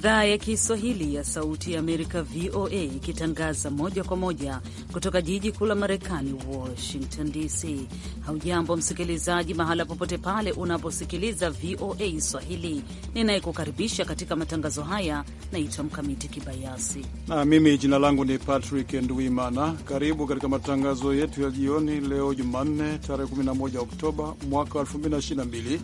idhaa ya Kiswahili ya Sauti ya Amerika, VOA, ikitangaza moja kwa moja kutoka jiji kuu la Marekani, Washington DC. Haujambo msikilizaji, mahala popote pale unaposikiliza VOA Swahili. Ninayekukaribisha katika matangazo haya naitwa Mkamiti Kibayasi na mimi jina langu ni Patrick Nduimana. Karibu katika matangazo yetu ya jioni leo Jumanne, tarehe 11 Oktoba mwaka 2022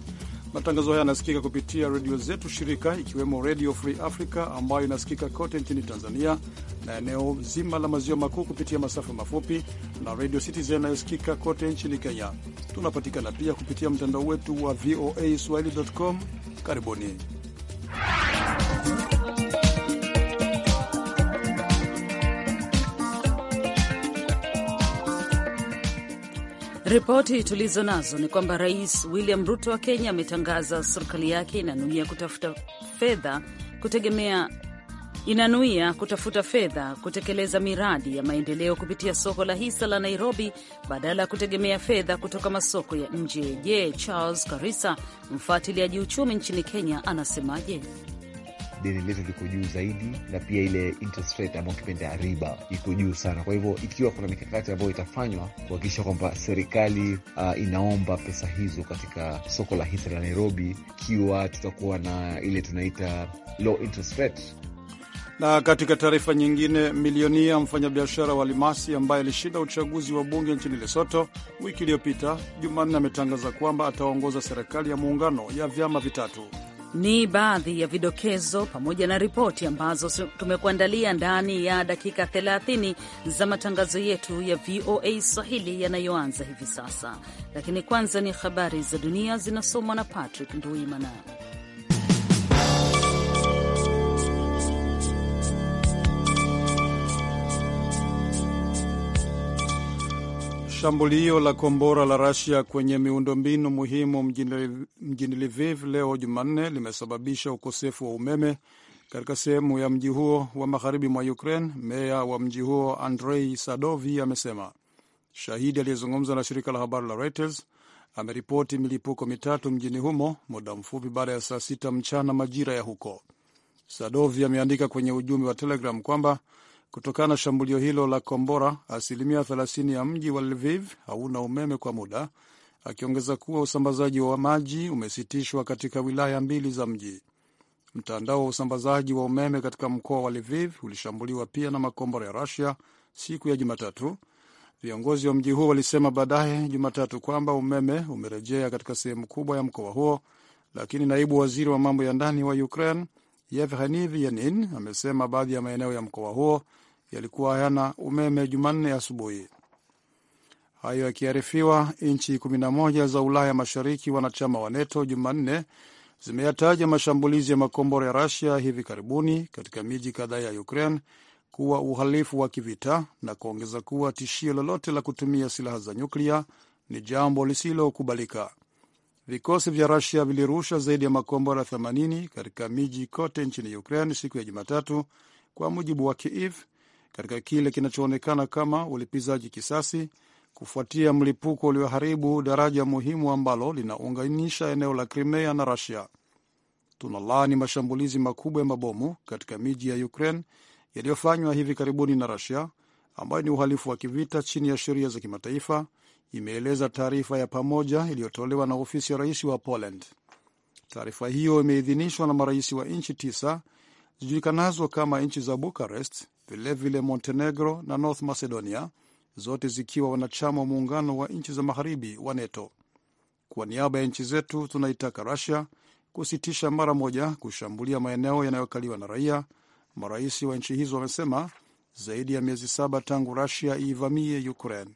Matangazo haya yanasikika kupitia redio zetu shirika, ikiwemo Redio Free Africa ambayo inasikika kote nchini Tanzania na eneo zima la maziwa makuu kupitia masafa mafupi na Redio Citizen inayosikika kote nchini Kenya. Tunapatikana pia kupitia mtandao wetu wa VOA swahili.com. Karibuni. Ripoti tulizo nazo ni kwamba Rais William Ruto wa Kenya ametangaza serikali yake inanuia kutafuta fedha kutegemea inanuia kutafuta fedha kutekeleza miradi ya maendeleo kupitia soko la hisa la Nairobi badala ya kutegemea fedha kutoka masoko ya nje. Je, Charles Karisa, mfuatiliaji uchumi nchini Kenya, anasemaje? deni letu liko juu zaidi, na pia ile interest rate kipenda riba iko juu sana. Kwa hivyo ikiwa kuna mikakati ambayo itafanywa kuhakikisha kwamba serikali uh, inaomba pesa hizo katika soko la hisa la Nairobi, ikiwa tutakuwa na ile tunaita low interest rate. Na katika taarifa nyingine, milionia mfanyabiashara wa limasi ambaye alishinda uchaguzi wa bunge nchini Lesoto wiki iliyopita Jumanne ametangaza kwamba ataongoza serikali ya muungano ya vyama vitatu. Ni baadhi ya vidokezo pamoja na ripoti ambazo tumekuandalia ndani ya dakika 30 za matangazo yetu ya VOA Swahili yanayoanza hivi sasa, lakini kwanza ni habari za dunia zinasomwa na Patrick Nduimana. Shambulio la kombora la rasia kwenye miundombinu muhimu mjini, mjini Lviv leo Jumanne limesababisha ukosefu wa umeme katika sehemu ya mji huo wa magharibi mwa Ukraine. Meya wa mji huo Andrei Sadovi amesema. Shahidi aliyezungumza na shirika la habari la Reuters ameripoti milipuko mitatu mjini humo muda mfupi baada ya saa sita mchana majira ya huko. Sadovi ameandika kwenye ujumbe wa Telegram kwamba Kutokana na shambulio hilo la kombora, asilimia 30 ya mji wa Lviv hauna umeme kwa muda, akiongeza kuwa usambazaji wa maji umesitishwa katika wilaya mbili za mji. Mtandao wa usambazaji wa umeme katika mkoa wa Lviv ulishambuliwa pia na makombora ya Rusia siku ya Jumatatu. Viongozi wa mji huo walisema baadaye Jumatatu kwamba umeme umerejea katika sehemu kubwa ya mkoa huo, lakini naibu waziri wa mambo ya ndani wa Ukraine Yevheni Vienin amesema baadhi ya maeneo ya mkoa huo yalikuwa hayana umeme Jumanne asubuhi. Hayo yakiarifiwa, nchi 11 za Ulaya Mashariki wanachama wa NATO Jumanne zimeyataja mashambulizi ya makombora ya Rusia hivi karibuni katika miji kadhaa ya Ukraine kuwa uhalifu wa kivita na kuongeza kuwa tishio lolote la kutumia silaha za nyuklia ni jambo lisilokubalika. Vikosi vya Rusia vilirusha zaidi ya makombora 80 katika miji kote nchini Ukraine siku ya Jumatatu, kwa mujibu wa Kiev, katika kile kinachoonekana kama ulipizaji kisasi kufuatia mlipuko ulioharibu daraja muhimu ambalo linaunganisha eneo la Crimea na Rusia. Tunalaani mashambulizi makubwa ya mabomu katika miji ya Ukraine yaliyofanywa hivi karibuni na Rusia, ambayo ni uhalifu wa kivita chini ya sheria za kimataifa, imeeleza taarifa ya pamoja iliyotolewa na ofisi ya rais wa Poland. Taarifa hiyo imeidhinishwa na marais wa nchi tisa zijulikanazo kama nchi za Bucharest, vilevile Montenegro na North Macedonia, zote zikiwa wanachama wa muungano wa nchi za magharibi wa NATO. Kwa niaba ya nchi zetu tunaitaka rasia kusitisha mara moja kushambulia maeneo yanayokaliwa na raia, marais wa nchi hizo wamesema, zaidi ya miezi saba tangu rasia iivamie Ukraine.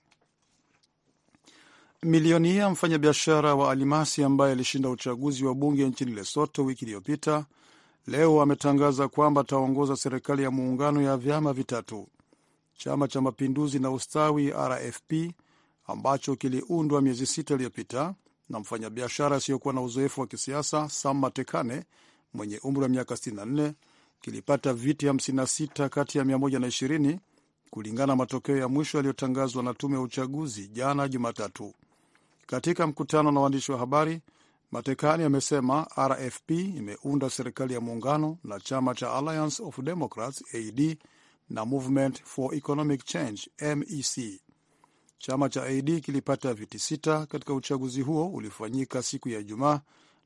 Milionia mfanyabiashara wa alimasi ambaye alishinda uchaguzi wa bunge nchini Lesoto wiki iliyopita leo ametangaza kwamba ataongoza serikali ya muungano ya vyama vitatu. Chama cha Mapinduzi na Ustawi RFP ambacho kiliundwa miezi sita iliyopita na mfanyabiashara asiyokuwa na uzoefu wa kisiasa Sam Matekane mwenye umri wa miaka 64 kilipata viti 56 kati ya 120 kulingana na matokeo ya mwisho yaliyotangazwa na tume ya uchaguzi jana Jumatatu. Katika mkutano na waandishi wa habari, Matekani amesema RFP imeunda serikali ya muungano na chama cha Alliance of Democrats AD na Movement for Economic Change MEC. Chama cha AD kilipata viti sita katika uchaguzi huo uliofanyika siku ya Ijumaa,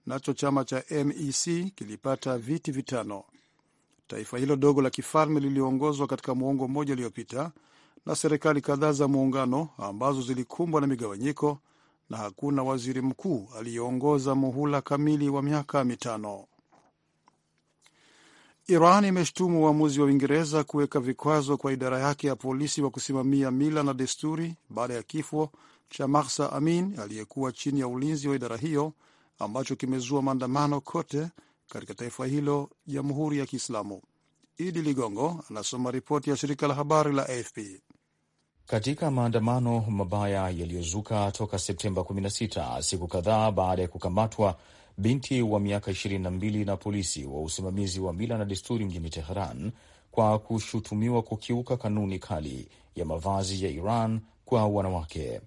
nacho chama cha MEC kilipata viti vitano. Taifa hilo dogo la kifalme liliongozwa katika muongo mmoja uliopita na serikali kadhaa za muungano ambazo zilikumbwa na migawanyiko na hakuna waziri mkuu aliyeongoza muhula kamili wa miaka mitano. Iran imeshtumu uamuzi wa Uingereza kuweka vikwazo kwa idara yake ya polisi wa kusimamia mila na desturi baada ya kifo cha Mahsa Amin aliyekuwa chini ya ulinzi wa idara hiyo ambacho kimezua maandamano kote katika taifa hilo Jamhuri ya Kiislamu. Idi Ligongo anasoma ripoti ya shirika la habari la AFP katika maandamano mabaya yaliyozuka toka Septemba 16 siku kadhaa baada ya kukamatwa binti wa miaka 22 na polisi wa usimamizi wa mila na desturi mjini Teheran kwa kushutumiwa kukiuka kanuni kali ya mavazi ya Iran kwa wanawake.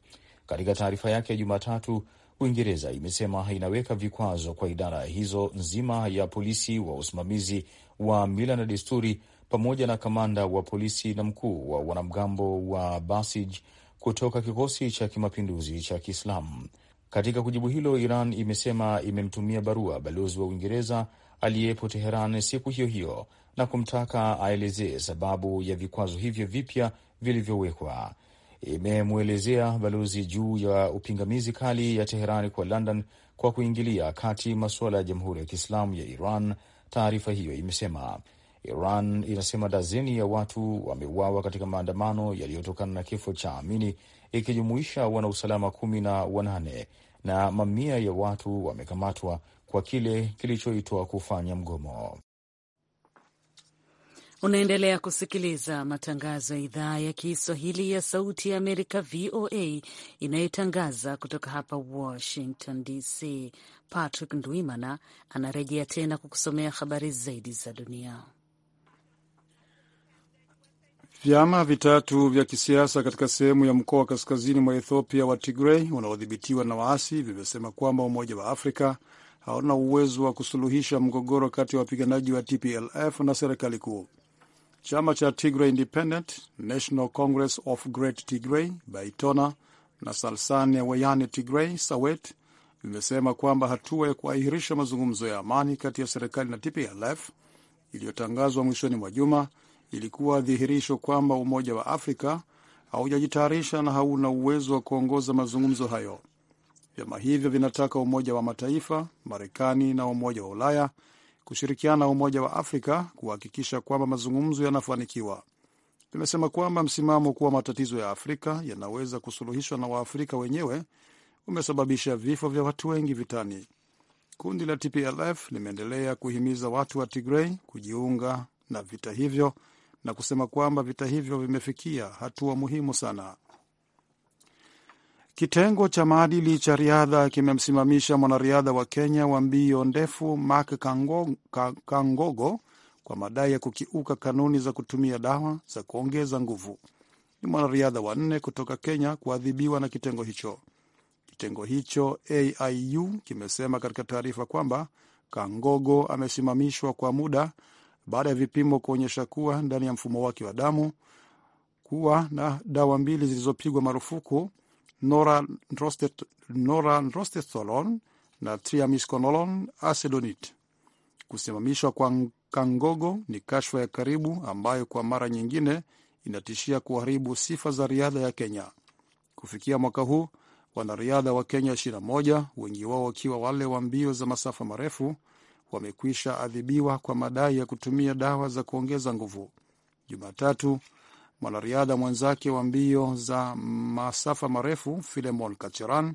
Katika taarifa yake ya Jumatatu, Uingereza imesema inaweka vikwazo kwa idara hizo nzima ya polisi wa usimamizi wa mila na desturi pamoja na kamanda wa polisi na mkuu wa wanamgambo wa Basij kutoka kikosi cha kimapinduzi cha Kiislamu. Katika kujibu hilo, Iran imesema imemtumia barua balozi wa Uingereza aliyepo Teheran siku hiyo hiyo na kumtaka aelezee sababu ya vikwazo hivyo vipya vilivyowekwa. Imemwelezea balozi juu ya upingamizi kali ya Teherani kwa London kwa kuingilia kati masuala ya Jamhuri ya Kiislamu ya Iran Taarifa hiyo imesema Iran inasema dazeni ya watu wameuawa katika maandamano yaliyotokana na kifo cha Amini, ikijumuisha wanausalama kumi na wanane na mamia ya watu wamekamatwa kwa kile kilichoitwa kufanya mgomo. Unaendelea kusikiliza matangazo ya idhaa ya Kiswahili ya Sauti ya Amerika, VOA, inayotangaza kutoka hapa Washington DC. Patrick Ndwimana anarejea tena kukusomea habari zaidi za dunia. Vyama vitatu vya kisiasa katika sehemu ya mkoa wa kaskazini mwa Ethiopia wa Tigrei unaodhibitiwa na waasi vimesema kwamba Umoja wa Afrika hauna uwezo wa kusuluhisha mgogoro kati ya wapiganaji wa TPLF na serikali kuu. Chama cha Tigray Independent National Congress of Great Tigray, Baitona na Salsane Weyane Tigray, Sawet, vimesema kwamba hatua ya kuahirisha mazungumzo ya amani kati ya serikali na TPLF iliyotangazwa mwishoni mwa juma ilikuwa dhihirisho kwamba Umoja wa Afrika haujajitayarisha na hauna uwezo wa kuongoza mazungumzo hayo. Vyama hivyo vinataka Umoja wa Mataifa, Marekani na Umoja wa Ulaya kushirikiana na Umoja wa Afrika kuhakikisha kwamba mazungumzo yanafanikiwa. vimesema kwamba msimamo kuwa matatizo ya Afrika yanaweza kusuluhishwa na Waafrika wenyewe umesababisha vifo vya watu wengi vitani. Kundi la TPLF limeendelea kuhimiza watu wa Tigrei kujiunga na vita hivyo na kusema kwamba vita hivyo vimefikia hatua muhimu sana. Kitengo cha maadili cha riadha kimemsimamisha mwanariadha wa Kenya wa mbio ndefu Mark Kangogo kwa madai ya kukiuka kanuni za kutumia dawa za kuongeza nguvu. Ni mwanariadha wa nne kutoka Kenya kuadhibiwa na kitengo hicho. Kitengo hicho AIU kimesema katika taarifa kwamba Kangogo amesimamishwa kwa muda baada ya vipimo kuonyesha kuwa ndani ya mfumo wake wa damu kuwa na dawa mbili zilizopigwa marufuku noranrostesolon na Triamiskonolon acedonit Kusimamishwa kwa Kangogo ni kashfa ya karibu ambayo kwa mara nyingine inatishia kuharibu sifa za riadha ya Kenya. Kufikia mwaka huu wanariadha wa Kenya 21 wengi wao wakiwa wale wa mbio za masafa marefu wamekwisha adhibiwa kwa madai ya kutumia dawa za kuongeza nguvu. Jumatatu, Mwanariadha mwenzake wa mbio za masafa marefu Filemon Kacheran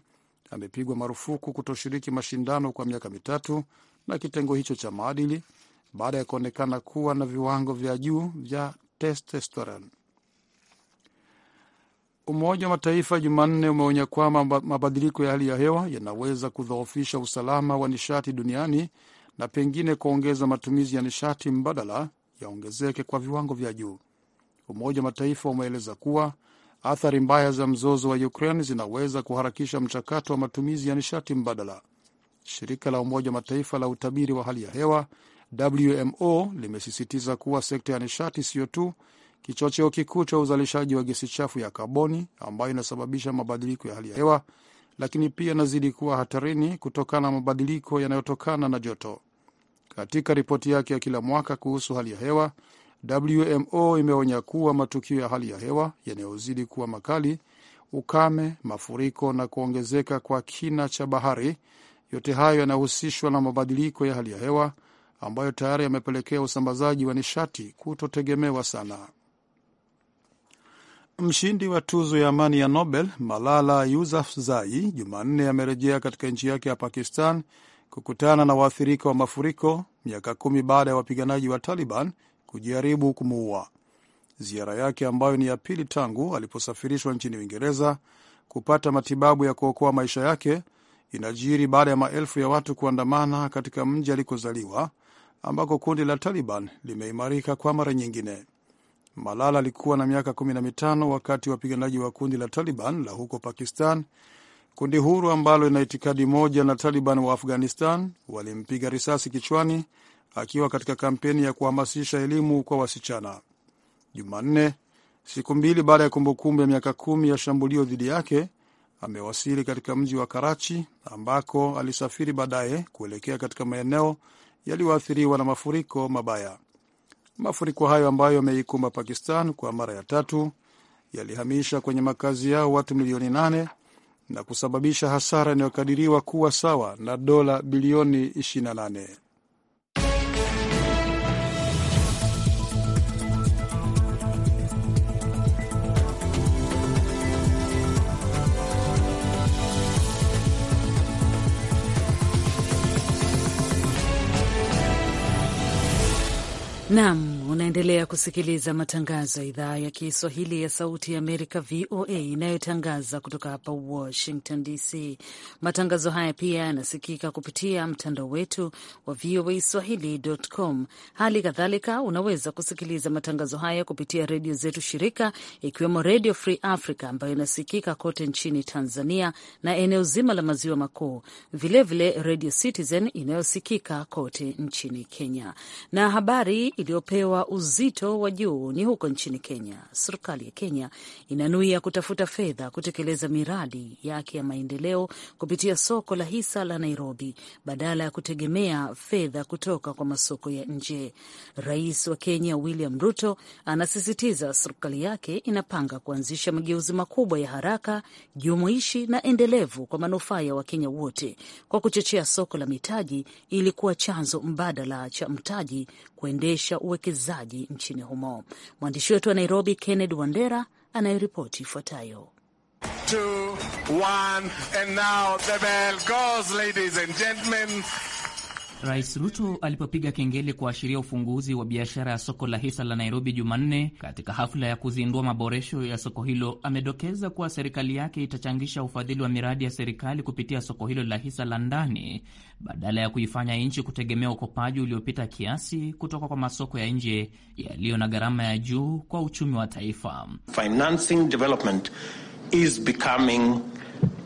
amepigwa marufuku kutoshiriki mashindano kwa miaka mitatu na kitengo hicho cha maadili baada ya kuonekana kuwa na viwango vya juu vya testosterone. Umoja wa Mataifa Jumanne umeonya kwamba mabadiliko ya hali ya hewa yanaweza kudhoofisha usalama wa nishati duniani na pengine kuongeza matumizi ya nishati mbadala yaongezeke kwa viwango vya juu. Umoja wa Mataifa umeeleza kuwa athari mbaya za mzozo wa Ukraine zinaweza kuharakisha mchakato wa matumizi ya nishati mbadala. Shirika la Umoja wa Mataifa la utabiri wa hali ya hewa WMO limesisitiza kuwa sekta ya nishati siyo tu kichocheo kikuu cha uzalishaji wa gesi chafu ya kaboni ambayo inasababisha mabadiliko ya hali ya hewa, lakini pia inazidi kuwa hatarini kutokana na mabadiliko yanayotokana na joto. Katika ripoti yake ya kila mwaka kuhusu hali ya hewa, WMO imeonya kuwa matukio ya hali ya hewa yanayozidi kuwa makali, ukame, mafuriko na kuongezeka kwa kina cha bahari, yote hayo yanahusishwa na mabadiliko ya hali ya hewa ambayo tayari yamepelekea usambazaji wa nishati kutotegemewa sana. Mshindi wa tuzo ya amani ya Nobel Malala Yousafzai Jumanne amerejea katika nchi yake ya Pakistan kukutana na waathirika wa mafuriko miaka kumi baada ya wapiganaji wa Taliban kujaribu kumuua. Ziara yake ambayo ni ya pili tangu aliposafirishwa nchini Uingereza kupata matibabu ya kuokoa maisha yake inajiri baada ya maelfu ya watu kuandamana katika mji alikozaliwa ambako kundi la Taliban limeimarika kwa mara nyingine. Malala alikuwa na miaka kumi na mitano wakati wapiganaji wa kundi la Taliban la huko Pakistan, kundi huru ambalo lina itikadi moja na Taliban wa Afghanistan, walimpiga risasi kichwani akiwa katika kampeni ya kuhamasisha elimu kwa wasichana. Jumanne, siku mbili baada ya kumbukumbu ya miaka kumi ya shambulio dhidi yake, amewasili katika mji wa Karachi ambako alisafiri baadaye kuelekea katika maeneo yaliyoathiriwa na mafuriko mabaya. Mafuriko hayo ambayo yameikumba Pakistan kwa mara ya tatu yalihamisha kwenye makazi yao watu milioni nane na kusababisha hasara inayokadiriwa kuwa sawa na dola bilioni 28. Naam. Unaendelea kusikiliza matangazo ya idhaa ya Kiswahili ya Sauti ya Amerika, VOA, inayotangaza kutoka hapa Washington DC. Matangazo haya pia yanasikika kupitia mtandao wetu wa VOA Swahili.com. Hali kadhalika, unaweza kusikiliza matangazo haya kupitia redio zetu shirika, ikiwemo Redio Free Africa ambayo inasikika kote nchini Tanzania na eneo zima la maziwa makuu, vilevile Redio Citizen inayosikika kote nchini Kenya. Na habari iliyopewa uzito wa juu ni huko nchini Kenya. Serikali ya Kenya inanuia kutafuta fedha kutekeleza miradi yake ya maendeleo kupitia soko la hisa la Nairobi badala ya kutegemea fedha kutoka kwa masoko ya nje. Rais wa Kenya William Ruto anasisitiza serikali yake inapanga kuanzisha mageuzi makubwa ya haraka, jumuishi na endelevu kwa manufaa ya Wakenya wote kwa kuchochea soko la mitaji ili kuwa chanzo mbadala cha mtaji kuendesha uwekezaji nchini humo. Mwandishi wetu wa Nairobi, kenned Wandera, anayeripoti ifuatayo. Rais Ruto alipopiga kengele kuashiria ufunguzi wa biashara ya soko la hisa la Nairobi Jumanne katika hafla ya kuzindua maboresho ya soko hilo, amedokeza kuwa serikali yake itachangisha ufadhili wa miradi ya serikali kupitia soko hilo la hisa la ndani badala ya kuifanya nchi kutegemea ukopaji uliopita kiasi kutoka kwa masoko ya nje yaliyo na gharama ya juu kwa uchumi wa taifa. Financing development is becoming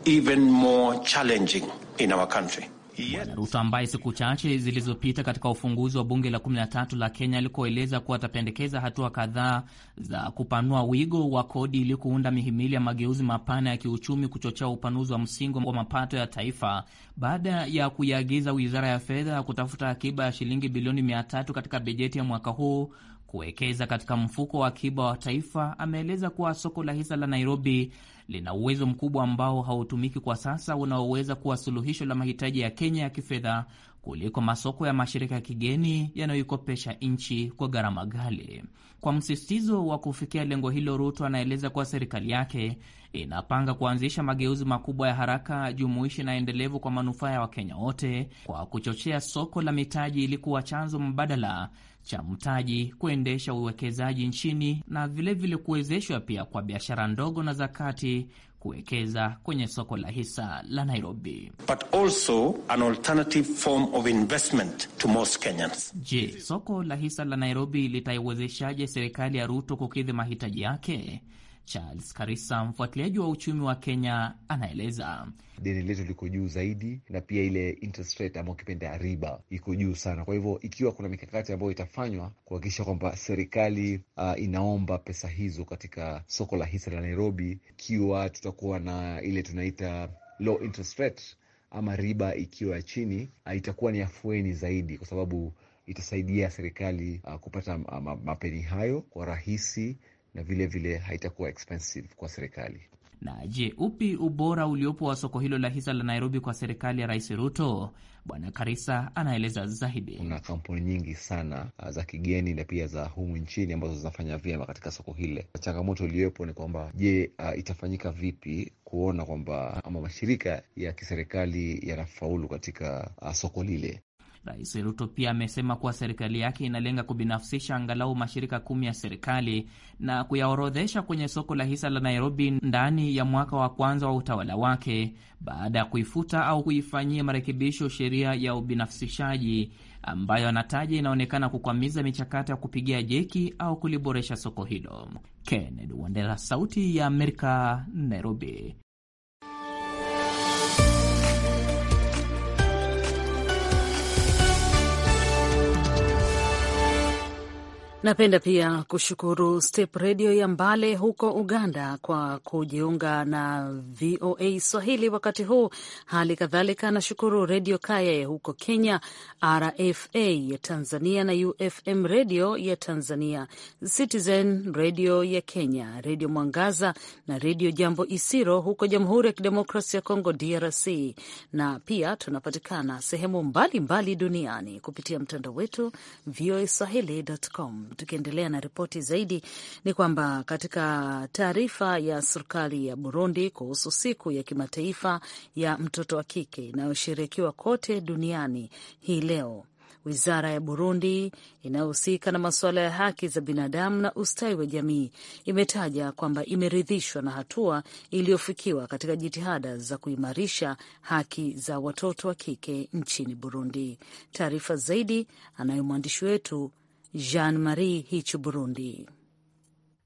even more challenging in our country. Bwana Ruto ambaye siku chache zilizopita katika ufunguzi wa bunge la 13 la Kenya alikoeleza kuwa atapendekeza hatua kadhaa za kupanua wigo wa kodi ili kuunda mihimili ya mageuzi mapana ya kiuchumi, kuchochea upanuzi wa msingi wa mapato ya taifa, baada ya kuiagiza wizara ya fedha kutafuta akiba ya shilingi bilioni 300 katika bajeti ya mwaka huu kuwekeza katika mfuko wa akiba wa taifa. Ameeleza kuwa soko la hisa la Nairobi lina uwezo mkubwa ambao hautumiki kwa sasa, unaoweza kuwa suluhisho la mahitaji ya Kenya ya kifedha kuliko masoko ya mashirika ya kigeni yanayoikopesha nchi kwa gharama ghali. Kwa msisitizo wa kufikia lengo hilo, Ruto anaeleza kuwa serikali yake inapanga kuanzisha mageuzi makubwa ya haraka, jumuishi na endelevu kwa manufaa ya Wakenya wote kwa kuchochea soko la mitaji ili kuwa chanzo mbadala cha mtaji kuendesha uwekezaji nchini na vilevile kuwezeshwa pia kwa biashara ndogo na za kati kuwekeza kwenye soko la hisa la Nairobi. But also an alternative form of investment to most Kenyans. Je, soko la hisa la Nairobi litaiwezeshaje serikali ya Ruto kukidhi mahitaji yake? Charles Karisa, mfuatiliaji wa uchumi wa Kenya, anaeleza. Deni letu liko juu zaidi, na pia ile interest rate ambayo ukipenda riba iko juu sana. Kwa hivyo ikiwa kuna mikakati ambayo itafanywa kuhakikisha kwamba serikali uh, inaomba pesa hizo katika soko la hisa la Nairobi, ikiwa tutakuwa na ile tunaita low interest rate ama riba ikiwa ya chini, uh, itakuwa ni afueni zaidi kwa sababu itasaidia serikali uh, kupata uh, mapeni hayo kwa rahisi na vile vile haitakuwa expensive kwa serikali. Na je, upi ubora uliopo wa soko hilo la hisa la Nairobi kwa serikali ya Rais Ruto? Bwana Karisa anaeleza zaidi. Kuna kampuni nyingi sana ah, za kigeni na pia za humu nchini ambazo zinafanya vyema katika soko hile. Changamoto iliyopo ni kwamba je, uh, itafanyika vipi kuona kwamba ama mashirika ya kiserikali yanafaulu katika uh, soko lile? Rais Ruto pia amesema kuwa serikali yake inalenga kubinafsisha angalau mashirika kumi ya serikali na kuyaorodhesha kwenye soko la hisa la Nairobi ndani ya mwaka wa kwanza wa utawala wake baada ya kuifuta au kuifanyia marekebisho sheria ya ubinafsishaji ambayo anataja inaonekana kukwamiza michakato ya kupigia jeki au kuliboresha soko hilo. Kennedy Wandera, Sauti ya Amerika, Nairobi. Napenda pia kushukuru Step Redio ya Mbale huko Uganda kwa kujiunga na VOA Swahili wakati huu. Hali kadhalika nashukuru Redio Kaya ya huko Kenya, RFA ya Tanzania na UFM Redio ya Tanzania, Citizen Redio ya Kenya, Redio Mwangaza na Redio Jambo Isiro huko Jamhuri ya Kidemokrasi ya Kongo, DRC. Na pia tunapatikana sehemu mbalimbali mbali duniani kupitia mtandao wetu VOA Swahili.com tukiendelea na ripoti zaidi, ni kwamba katika taarifa ya serikali ya Burundi kuhusu siku ya kimataifa ya mtoto wa kike inayoshirikiwa kote duniani hii leo Wizara ya Burundi inayohusika na masuala ya haki za binadamu na ustawi wa jamii imetaja kwamba imeridhishwa na hatua iliyofikiwa katika jitihada za kuimarisha haki za watoto wa kike nchini Burundi. Taarifa zaidi anayo mwandishi wetu Jean Marie Hich Burundi.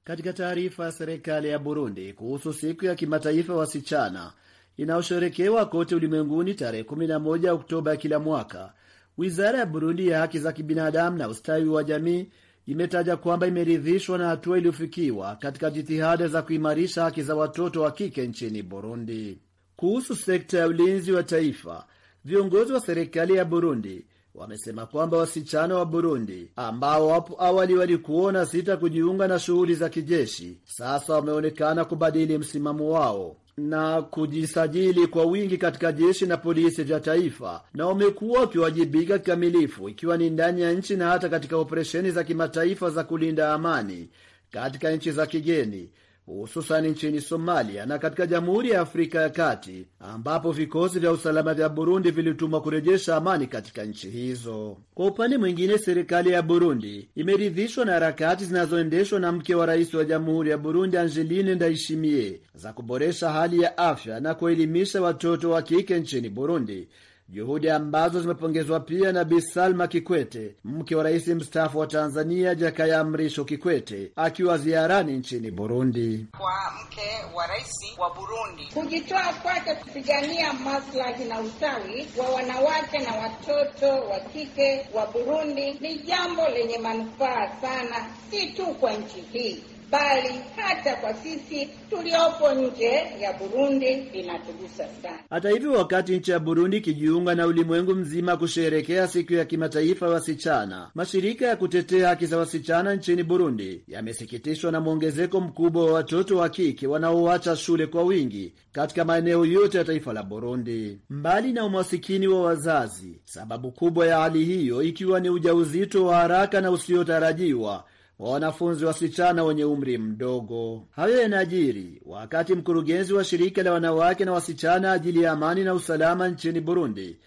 Katika taarifa ya serikali ya Burundi kuhusu siku ya kimataifa wasichana inayosherekewa kote ulimwenguni tarehe 11 Oktoba kila mwaka, wizara ya Burundi ya haki za kibinadamu na ustawi wa jamii imetaja kwamba imeridhishwa na hatua iliyofikiwa katika jitihada za kuimarisha haki za watoto wa kike nchini Burundi. Kuhusu sekta ya ulinzi wa taifa, viongozi wa serikali ya Burundi wamesema kwamba wasichana wa Burundi ambao hapo awali walikuona sita kujiunga na shughuli za kijeshi sasa wameonekana kubadili msimamo wao na kujisajili kwa wingi katika jeshi na polisi vya taifa na wamekuwa wakiwajibika kikamilifu ikiwa ni ndani ya nchi na hata katika operesheni za kimataifa za kulinda amani katika nchi za kigeni hususan nchini Somalia na katika Jamhuri ya Afrika ya Kati ambapo vikosi vya usalama vya Burundi vilitumwa kurejesha amani katika nchi hizo. Kwa upande mwingine, serikali ya Burundi imeridhishwa na harakati zinazoendeshwa na mke wa rais wa Jamhuri ya Burundi Angeline Ndayishimiye za kuboresha hali ya afya na kuelimisha watoto wa kike nchini Burundi juhudi ambazo zimepongezwa pia na Bi Salma Kikwete, mke wa rais mstaafu wa Tanzania Jakaya Mrisho Kikwete, akiwa ziarani nchini Burundi. Kwa mke wa rais wa Burundi kujitoa kwake kupigania maslahi na ustawi wa wanawake na watoto wa kike wa Burundi ni jambo lenye manufaa sana, si tu kwa nchi hii bali hata kwa sisi tuliopo nje ya Burundi inatugusa sana. Hata hivyo, wakati nchi ya Burundi ikijiunga na ulimwengu mzima kusherekea siku ya kimataifa ya wasichana, mashirika ya kutetea haki za wasichana nchini Burundi yamesikitishwa na mwongezeko mkubwa wa watoto wa kike wanaoacha shule kwa wingi katika maeneo yote ya taifa la Burundi. Mbali na umasikini wa wazazi, sababu kubwa ya hali hiyo ikiwa ni ujauzito wa haraka na usiotarajiwa wa wanafunzi wasichana wenye umri mdogo. Hayo yanajiri wakati mkurugenzi wa shirika la wanawake na wasichana ajili ya amani na usalama nchini Burundi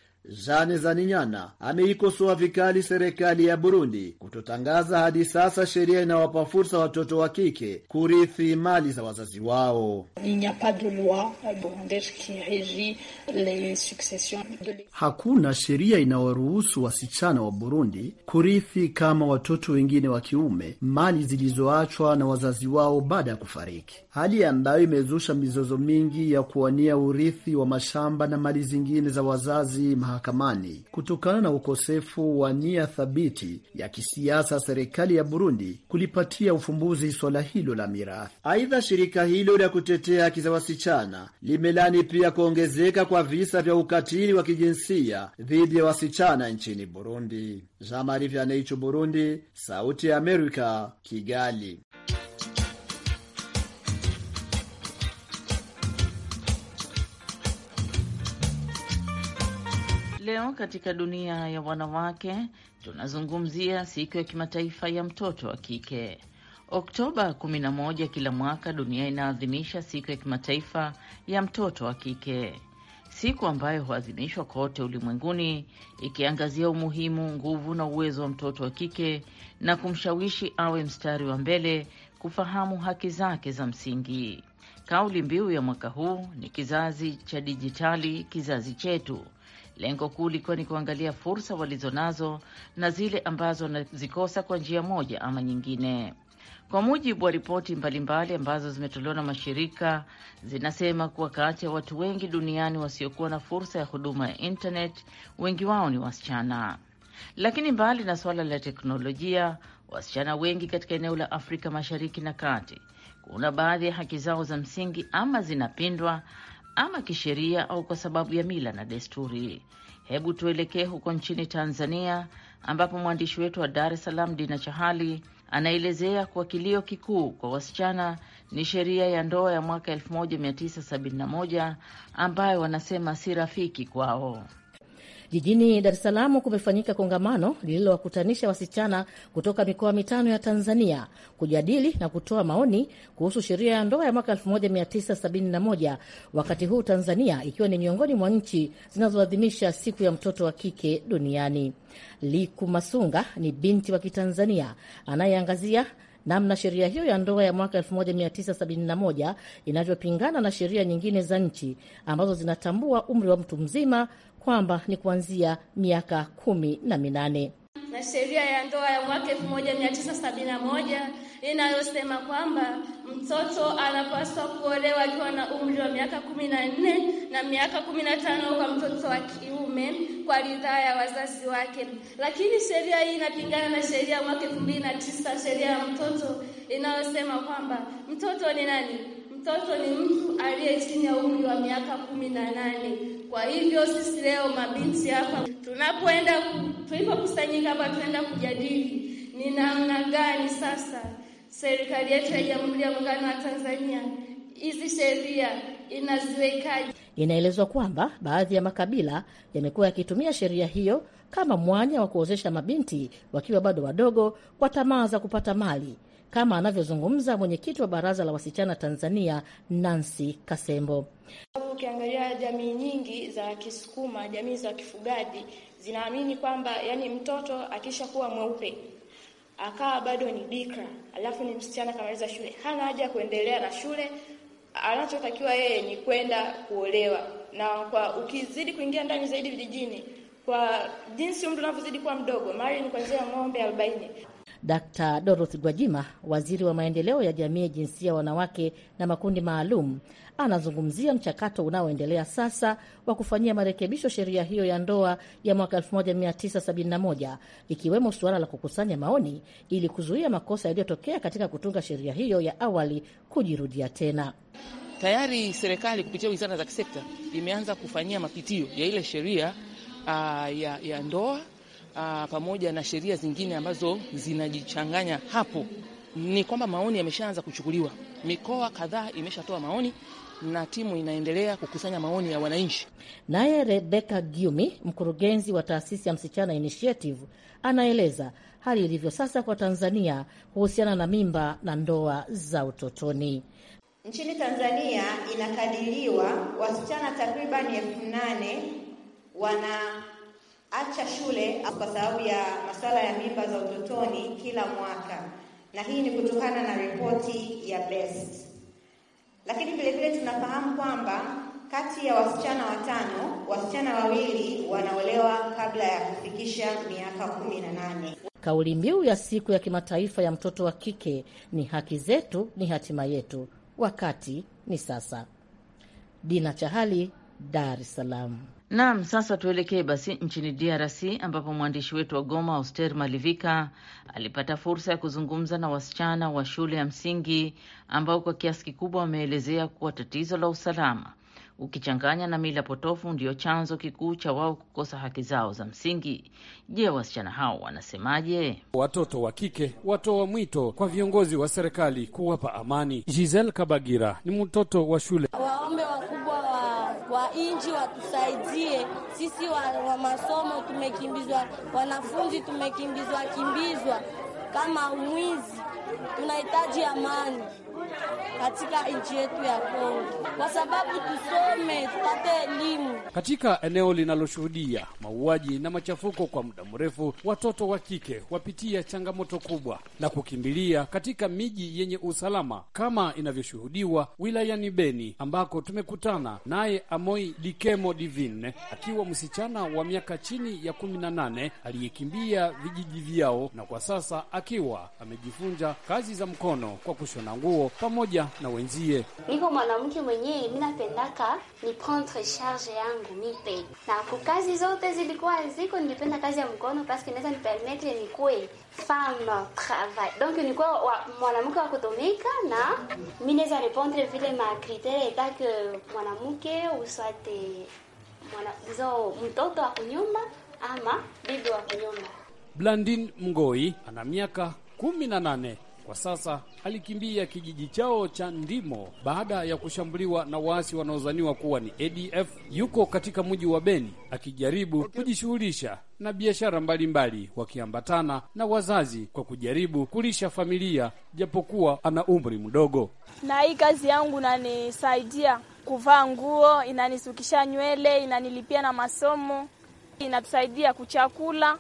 Jane Zaninyana ameikosoa vikali serikali ya Burundi kutotangaza hadi sasa sheria inawapa fursa watoto wa kike kurithi mali za wazazi wao. Hakuna sheria inayoruhusu wasichana wa Burundi kurithi kama watoto wengine wa kiume mali zilizoachwa na wazazi wao baada ya kufariki hali ambayo imezusha mizozo mingi ya kuwania urithi wa mashamba na mali zingine za wazazi mahakamani kutokana na ukosefu wa nia thabiti ya kisiasa serikali ya Burundi kulipatia ufumbuzi swala hilo la mirathi. Aidha, shirika hilo la kutetea haki za wasichana limelani pia kuongezeka kwa visa vya ukatili wa kijinsia dhidi ya wasichana nchini Burundi. Jean Burundi, Sauti ya Amerika, Kigali. leo katika dunia ya wanawake tunazungumzia siku ya kimataifa ya mtoto wa kike. Oktoba 11 kila mwaka dunia inaadhimisha siku ya kimataifa ya mtoto wa kike, siku ambayo huadhimishwa kote ulimwenguni ikiangazia umuhimu, nguvu na uwezo wa mtoto wa kike na kumshawishi awe mstari wa mbele kufahamu haki zake za msingi. Kauli mbiu ya mwaka huu ni kizazi cha dijitali, kizazi chetu, Lengo kuu likiwa ni kuangalia fursa walizonazo na zile ambazo wanazikosa kwa njia moja ama nyingine. Kwa mujibu wa ripoti mbalimbali ambazo zimetolewa na mashirika, zinasema kuwa kati ya watu wengi duniani wasiokuwa na fursa ya huduma ya intanet, wengi wao ni wasichana. Lakini mbali na suala la teknolojia, wasichana wengi katika eneo la Afrika Mashariki na Kati kuna baadhi ya haki zao za msingi ama zinapindwa, ama kisheria au kwa sababu ya mila na desturi. Hebu tuelekee huko nchini Tanzania ambapo mwandishi wetu wa Dar es Salaam Dina Chahali anaelezea kwa kilio kikuu kwa wasichana ni sheria ya ndoa ya mwaka 1971 ambayo wanasema si rafiki kwao. Jijini Dar es Salaam kumefanyika kongamano lililowakutanisha wasichana kutoka mikoa mitano ya Tanzania kujadili na kutoa maoni kuhusu sheria ya ndoa ya mwaka 1971, wakati huu Tanzania ikiwa ni miongoni mwa nchi zinazoadhimisha siku ya mtoto wa kike duniani. Liku Masunga ni binti wa Kitanzania anayeangazia namna sheria hiyo ya ndoa ya mwaka 1971 inavyopingana na sheria nyingine za nchi ambazo zinatambua umri wa mtu mzima kwamba ni kuanzia miaka kumi na minane na sheria ya ndoa ya mwaka 1971 inayosema kwamba mtoto anapaswa kuolewa akiwa na umri wa miaka kumi na nne na miaka kumi na tano kwa mtoto wa kiume kwa ridhaa ya wazazi wake. Lakini sheria hii inapingana na sheria ya mwaka tisa sheria ya mtoto inayosema kwamba mtoto ni nani? Mtoto ni mtu aliye chini ya umri wa miaka kumi na nane. Kwa hivyo sisi leo mabinti hapa tunapoenda tulipokusanyika hapa tunaenda kujadili ni namna gani sasa serikali yetu ya Jamhuri ya Muungano wa Tanzania hizi sheria inaziwekaje. Inaelezwa kwamba baadhi ya makabila yamekuwa yakitumia sheria hiyo kama mwanya wa kuozesha mabinti wakiwa bado wadogo kwa tamaa za kupata mali kama anavyozungumza mwenyekiti wa Baraza la Wasichana Tanzania, Nancy Kasembo. Ukiangalia jamii nyingi za Kisukuma, jamii za kifugaji zinaamini kwamba yani mtoto akishakuwa mweupe akawa bado ni bikra, alafu ni msichana kamaliza shule, hana haja ya kuendelea na shule. Anachotakiwa yeye ni kwenda kuolewa, na kwa ukizidi kuingia ndani zaidi vijijini, kwa jinsi mtu unavyozidi kuwa mdogo, mali ni kuanzia ng'ombe arobaini. Dkt. Dorothy Gwajima, waziri wa maendeleo ya jamii, jinsia, wanawake na makundi maalum, anazungumzia mchakato unaoendelea sasa wa kufanyia marekebisho sheria hiyo ya ndoa ya mwaka 1971 ikiwemo suala la kukusanya maoni ili kuzuia makosa yaliyotokea katika kutunga sheria hiyo ya awali kujirudia tena. Tayari serikali kupitia wizara za kisekta imeanza kufanyia mapitio ya ile sheria uh, ya, ya ndoa aa, ah, pamoja na sheria zingine ambazo zinajichanganya hapo, ni kwamba maoni yameshaanza kuchukuliwa. Mikoa kadhaa imeshatoa maoni na timu inaendelea kukusanya maoni ya wananchi. Naye Rebeka giumi mkurugenzi wa taasisi ya Msichana Initiative, anaeleza hali ilivyo sasa kwa Tanzania kuhusiana na mimba na ndoa za utotoni. Nchini Tanzania inakadiriwa wasichana takribani elfu nane wana acha shule kwa sababu ya masuala ya mimba za utotoni kila mwaka, na hii ni kutokana na ripoti ya BEST. Lakini vile vile tunafahamu kwamba kati ya wasichana watano, wasichana wawili wanaolewa kabla ya kufikisha miaka kumi na nane. Kauli mbiu ya siku ya kimataifa ya mtoto wa kike ni haki zetu ni hatima yetu, wakati ni sasa. Dina Chahali, Dar es Salaam. Naam, sasa tuelekee basi nchini DRC ambapo mwandishi wetu wa Goma Auster Malivika alipata fursa ya kuzungumza na wasichana wa shule ya msingi ambao kwa kiasi kikubwa wameelezea kuwa tatizo la usalama ukichanganya na mila potofu ndiyo chanzo kikuu cha wao kukosa haki zao za msingi. Je, wasichana hao wanasemaje? Watoto wa kike watoa mwito kwa viongozi wa serikali kuwapa amani. Giselle Kabagira ni mtoto wa shule wa inji watusaidie sisi wa, wa masomo tumekimbizwa, wanafunzi tumekimbizwa kimbizwa kama mwizi, tunahitaji amani katika nchi yetu ya Kongo, kwa sababu tusome, tupate elimu. Katika eneo linaloshuhudia mauaji na machafuko kwa muda mrefu, watoto wa kike wapitia changamoto kubwa la kukimbilia katika miji yenye usalama kama inavyoshuhudiwa wilayani Beni, ambako tumekutana naye Amoi Dikemo Divine akiwa msichana wa miaka chini ya kumi na nane aliyekimbia vijiji vyao na kwa sasa akiwa amejifunja kazi za mkono kwa kushona nguo pamoja na wenzie. Niko mwanamke mwenyewe, mi napendaka ni prendre charge yangu nipe na kazi zote zilikuwa ziko, nilipenda kazi ya mkono paske naweza nipermetre nikuwe femme travail, donc nikuwe mwanamke wa kutumika, na mi naweza répondre vile ma critere etake mwanamke uswate eh, mwana zo mtoto wa kunyumba ama bibi wa kunyumba. Blandine Mngoi ana miaka kumi na nane. Kwa sasa alikimbia kijiji chao cha Ndimo baada ya kushambuliwa na waasi wanaozaniwa kuwa ni ADF. Yuko katika mji wa Beni akijaribu kujishughulisha na biashara mbalimbali, wakiambatana na wazazi kwa kujaribu kulisha familia, japokuwa ana umri mdogo. Na hii kazi yangu nanisaidia kuvaa nguo, inanisukisha nywele, inanilipia na masomo, inatusaidia kuchakula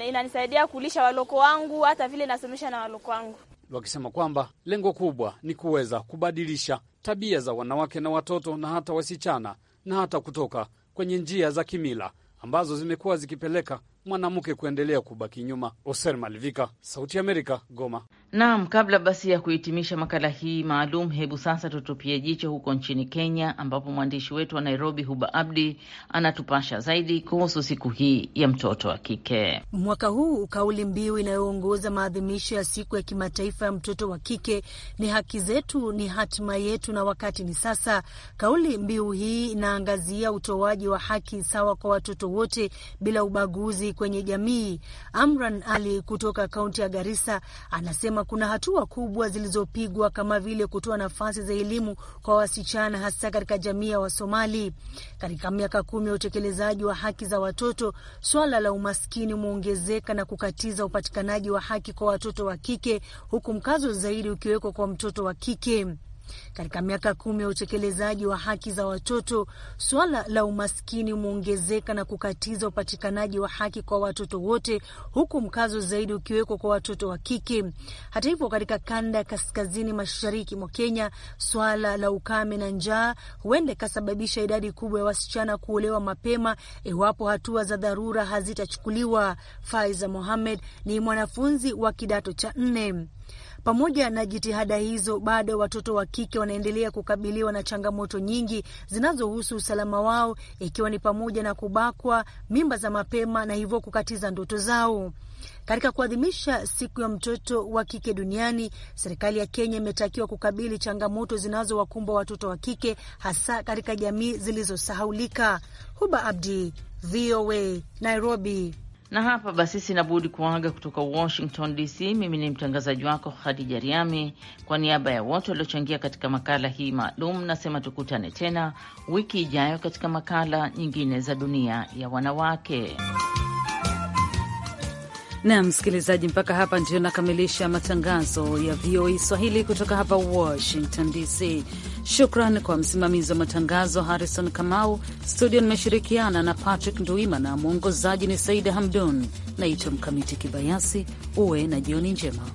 inanisaidia kulisha waloko wangu, hata vile nasomesha na waloko wangu, wakisema kwamba lengo kubwa ni kuweza kubadilisha tabia za wanawake na watoto na hata wasichana na hata kutoka kwenye njia za kimila ambazo zimekuwa zikipeleka mwanamke kuendelea kubaki nyuma. Oser Malivika, Sauti ya Amerika, Goma. Naam, kabla basi ya kuhitimisha makala hii maalum, hebu sasa tutupie jicho huko nchini Kenya, ambapo mwandishi wetu wa Nairobi Huba Abdi anatupasha zaidi kuhusu siku hii ya mtoto wa kike. Mwaka huu kauli mbiu inayoongoza maadhimisho ya siku ya kimataifa ya mtoto wa kike ni haki zetu ni hatima yetu na wakati ni sasa. Kauli mbiu hii inaangazia utoaji wa haki sawa kwa watoto wote bila ubaguzi kwenye jamii. Amran Ali kutoka kaunti ya Garissa anasema anasema kuna hatua kubwa zilizopigwa kama vile kutoa nafasi za elimu kwa wasichana hasa katika jamii ya Wasomali. Katika miaka kumi ya utekelezaji wa haki za watoto, swala la umaskini umeongezeka na kukatiza upatikanaji wa haki kwa watoto wa kike, huku mkazo zaidi ukiwekwa kwa mtoto wa kike. Katika miaka kumi ya utekelezaji wa haki za watoto, suala la umaskini umeongezeka na kukatiza upatikanaji wa haki kwa watoto wote, huku mkazo zaidi ukiwekwa kwa watoto wa kike. Hata hivyo, katika kanda ya kaskazini mashariki mwa Kenya, suala la ukame na njaa huenda ikasababisha idadi kubwa ya wasichana kuolewa mapema iwapo hatua za dharura hazitachukuliwa. Faiza Mohamed ni mwanafunzi wa kidato cha nne. Pamoja na jitihada hizo, bado watoto wa kike wanaendelea kukabiliwa na changamoto nyingi zinazohusu usalama wao, ikiwa ni pamoja na kubakwa, mimba za mapema na hivyo kukatiza ndoto zao. Katika kuadhimisha siku ya mtoto wa kike duniani, serikali ya Kenya imetakiwa kukabili changamoto zinazowakumba watoto wa kike, hasa katika jamii zilizosahaulika. Huba Abdi, VOA, Nairobi. Na hapa basi sina budi kuaga kutoka Washington DC. Mimi ni mtangazaji wako Khadija Riami, kwa niaba ya wote waliochangia katika makala hii maalum, nasema tukutane tena wiki ijayo katika makala nyingine za dunia ya wanawake. Na msikilizaji, mpaka hapa ndio nakamilisha matangazo ya VOA e Swahili kutoka hapa Washington DC. Shukran kwa msimamizi wa matangazo Harrison Kamau. Studio nimeshirikiana na Patrick na mwongozaji ni Saida Hamdun. Naitwa Mkamiti Kibayasi. Uwe na jioni njema.